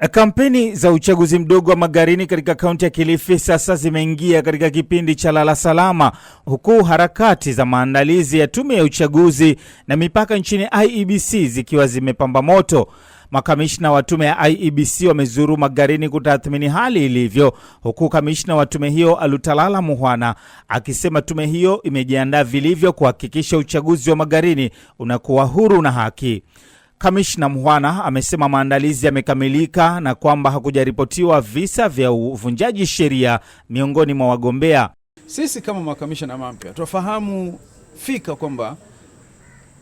Eh, kampeni za uchaguzi mdogo wa Magarini katika kaunti ya Kilifi sasa zimeingia katika kipindi cha lala salama, huku harakati za maandalizi ya tume ya uchaguzi na mipaka nchini IEBC zikiwa zimepamba moto. Makamishna wa tume ya IEBC wamezuru Magarini kutathmini hali ilivyo, huku kamishna wa tume hiyo Alutalala Muhwana akisema tume hiyo imejiandaa vilivyo kuhakikisha uchaguzi wa Magarini unakuwa huru na haki. Kamishna Mhwana amesema maandalizi yamekamilika na kwamba hakujaripotiwa visa vya uvunjaji sheria miongoni mwa wagombea. Sisi kama makamishna mapya tunafahamu fika kwamba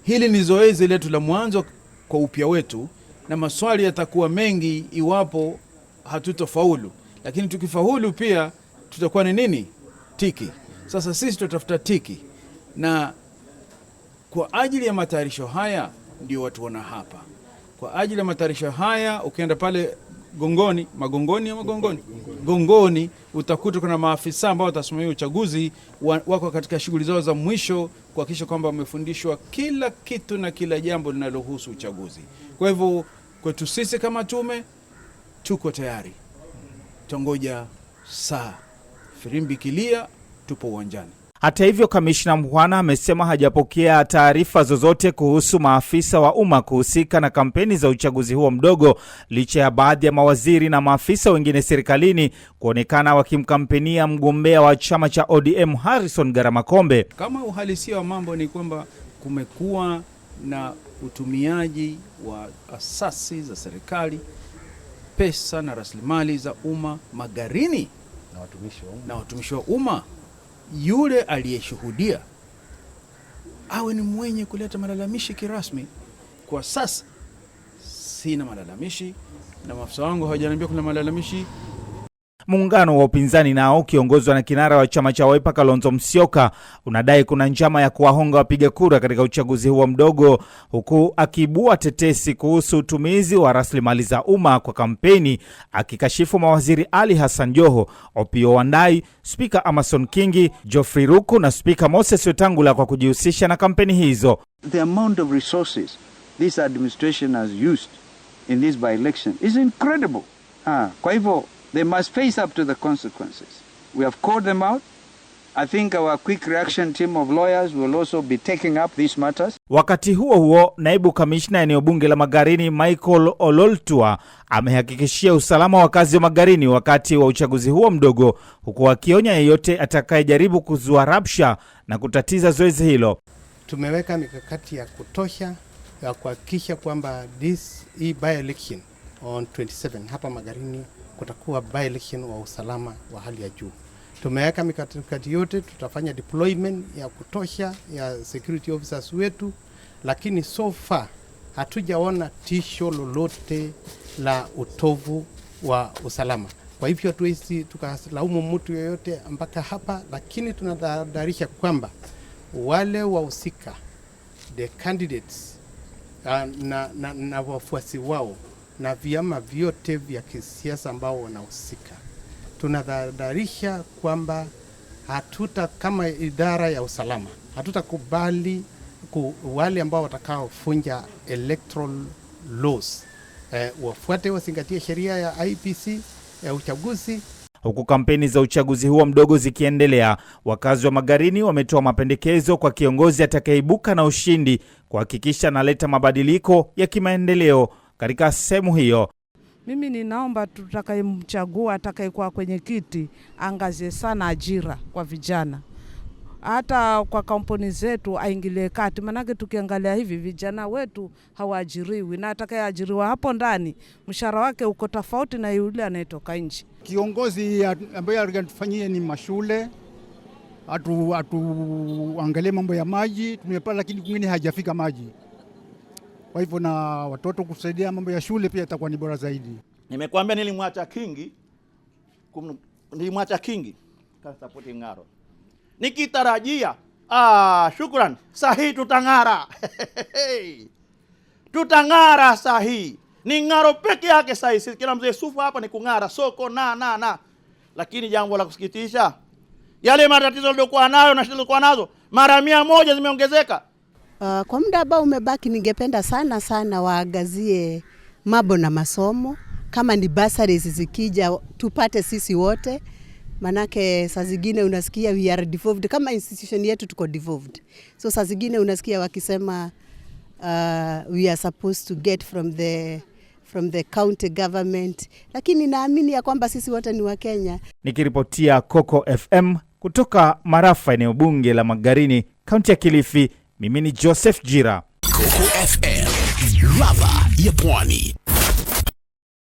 hili ni zoezi letu la mwanzo kwa upya wetu, na maswali yatakuwa mengi iwapo hatutofaulu, lakini tukifaulu pia tutakuwa ni nini? Tiki. Sasa sisi tutatafuta tiki, na kwa ajili ya matayarisho haya ndio watu wana hapa kwa ajili ya matayarisho haya. Ukienda pale Gongoni, Magongoni ya magongoni Gongoni utakuta kuna maafisa ambao watasimamia uchaguzi, wako katika shughuli zao za mwisho kuhakikisha kwamba wamefundishwa kila kitu na kila jambo linalohusu uchaguzi. Kwa hivyo kwetu sisi kama tume tuko tayari, tongoja saa firimbi kilia, tupo uwanjani. Hata hivyo, kamishna mhwana amesema hajapokea taarifa zozote kuhusu maafisa wa umma kuhusika na kampeni za uchaguzi huo mdogo, licha ya baadhi ya mawaziri na maafisa wengine serikalini kuonekana wakimkampenia mgombea wa chama cha ODM Harrison Garamakombe. Kama uhalisia wa mambo ni kwamba kumekuwa na utumiaji wa asasi za serikali, pesa na rasilimali za umma, magarini na watumishi wa umma yule aliyeshuhudia awe ni mwenye kuleta malalamishi kirasmi. Kwa sasa sina malalamishi na maafisa wangu hawajaniambia kuna malalamishi. Muungano wa upinzani nao ukiongozwa na kinara wa chama cha Wiper Kalonzo Musyoka unadai kuna njama ya kuwahonga wapiga kura katika uchaguzi huo mdogo, huku akibua tetesi kuhusu utumizi wa rasilimali za umma kwa kampeni, akikashifu mawaziri Ali Hassan Joho, Opiyo Wandayi, Spika Amason Kingi, Geoffrey Ruku na Spika Moses Wetangula kwa kujihusisha na kampeni hizo. The amount of resources this administration has used in this by election is incredible. Ah, kwa hivyo They must face up to the consequences. We have called them out. I think our quick reaction team of lawyers will also be taking up these matters. Wakati huo huo, naibu kamishna eneo bunge la Magarini Michael Ololtua amehakikishia usalama wakazi wa Magarini wakati wa uchaguzi huo mdogo, huku akionya yeyote atakayejaribu kuzua rabsha na kutatiza zoezi hilo. Tumeweka mikakati ya kutosha ya kuhakikisha kwamba this e by election on 27 hapa Magarini kutakuwa by election wa usalama wa hali ya juu. Tumeweka mikakati yote, tutafanya deployment ya kutosha ya security officers wetu, lakini so far hatujaona tisho lolote la utovu wa usalama. Kwa hivyo hatuwezi tukalaumu mtu yoyote mpaka hapa, lakini tunatahadharisha kwamba wale wahusika the candidates uh, na, na, na wafuasi wao na vyama vyote vya kisiasa ambao wanahusika. Tunadhadharisha kwamba hatuta kama idara ya usalama hatutakubali wale ambao watakaofunja electoral laws e, wafuate wazingatie sheria ya IPC ya uchaguzi. Huku kampeni za uchaguzi huo mdogo zikiendelea, wakazi wa Magarini wametoa mapendekezo kwa kiongozi atakayeibuka na ushindi kuhakikisha analeta mabadiliko ya kimaendeleo katika sehemu hiyo. Mimi ninaomba tutakayemchagua, atakayekuwa kwenye kiti, angazie sana ajira kwa vijana hata kwa kampuni zetu aingilie kati, maanake tukiangalia hivi vijana wetu hawaajiriwi, na atakayeajiriwa hapo ndani mshahara wake uko tofauti na yule anayetoka nje. Kiongozi ambaye atufanyie ni mashule, atuangalie atu, mambo ya maji tumepata, lakini kwingine hajafika maji. Kwa hivyo na watoto kusaidia mambo ya shule pia itakuwa ni bora zaidi. Nimekuambia nilimwacha Kingi, kum, nilimwacha Kingi kasapoti ng'aro, nikitarajia ah, shukran sahii tutang'ara tutang'ara sahii ni ng'aro peke yake sahii. si kila mzee sufu hapa ni kung'ara soko na na na, lakini jambo la kusikitisha, yale matatizo yaliokuwa nayo na shida zilikuwa nazo mara mia moja zimeongezeka. Uh, kwa muda ambao umebaki ningependa sana sana waangazie mambo na masomo, kama ni bursaries zikija tupate sisi wote, manake saa zingine unasikia we are devolved kama institution yetu tuko devolved, so saa zingine unasikia wakisema uh, we are supposed to get from the from the county government, lakini naamini ya kwamba sisi wote ni Wakenya. Nikiripotia Coco FM kutoka Marafa, eneo bunge la Magarini, kaunti ya Kilifi. Mimi ni Joseph Jira, Coco FM, lava ya Pwani.